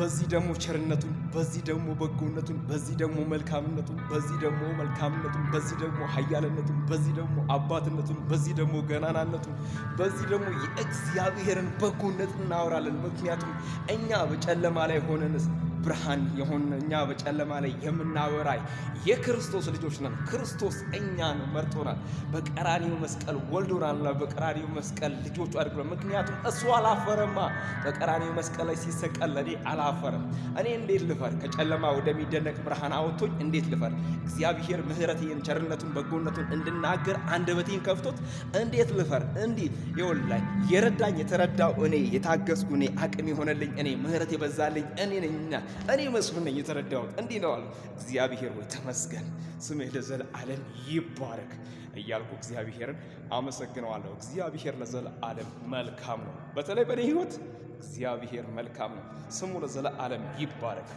በዚህ ደግሞ ቸርነቱን፣ በዚህ ደግሞ በጎነቱን፣ በዚህ ደግሞ መልካምነቱን፣ በዚህ ደግሞ መልካምነቱን፣ በዚህ ደግሞ ኃያልነቱን፣ በዚህ ደግሞ አባትነቱን፣ በዚህ ደግሞ ገናናነቱን፣ በዚህ ደግሞ የእግዚአብሔርን በጎነት እናወራለን። ምክንያቱም እኛ በጨለማ ላይ ሆነንስ ብርሃን የሆን እኛ በጨለማ ላይ የምናበራ የክርስቶስ ልጆች ነን። ክርስቶስ እኛን መርጦናል። በቀራኒው መስቀል ወልዶናልና በቀራኒው መስቀል ልጆቹ አድርጎናል። ምክንያቱም እሱ አላፈረማ። በቀራኒው መስቀል ላይ ሲሰቀል ለእኔ አላፈረም። እኔ እንዴት ልፈር? ከጨለማ ወደሚደነቅ ብርሃን አወጥቶኝ እንዴት ልፈር? እግዚአብሔር ምሕረቴን፣ ቸርነቱን፣ በጎነቱን እንድናገር አንደበቴን ከፍቶት እንዴት ልፈር? እንዲህ ይወል ላይ የረዳኝ የተረዳው እኔ የታገስኩ እኔ አቅም የሆነልኝ እኔ ምሕረት የበዛልኝ እኔ ነኝና እኔ መስፍን ነኝ የተረዳሁት። እንዲህ ይለዋል፣ እግዚአብሔር ሆይ ተመስገን፣ ስምህ ለዘለዓለም ይባረክ እያልኩ እግዚአብሔርን አመሰግነዋለሁ። እግዚአብሔር ለዘለዓለም መልካም ነው። በተለይ በእኔ ህይወት እግዚአብሔር መልካም ነው። ስሙ ለዘለዓለም ይባረክ።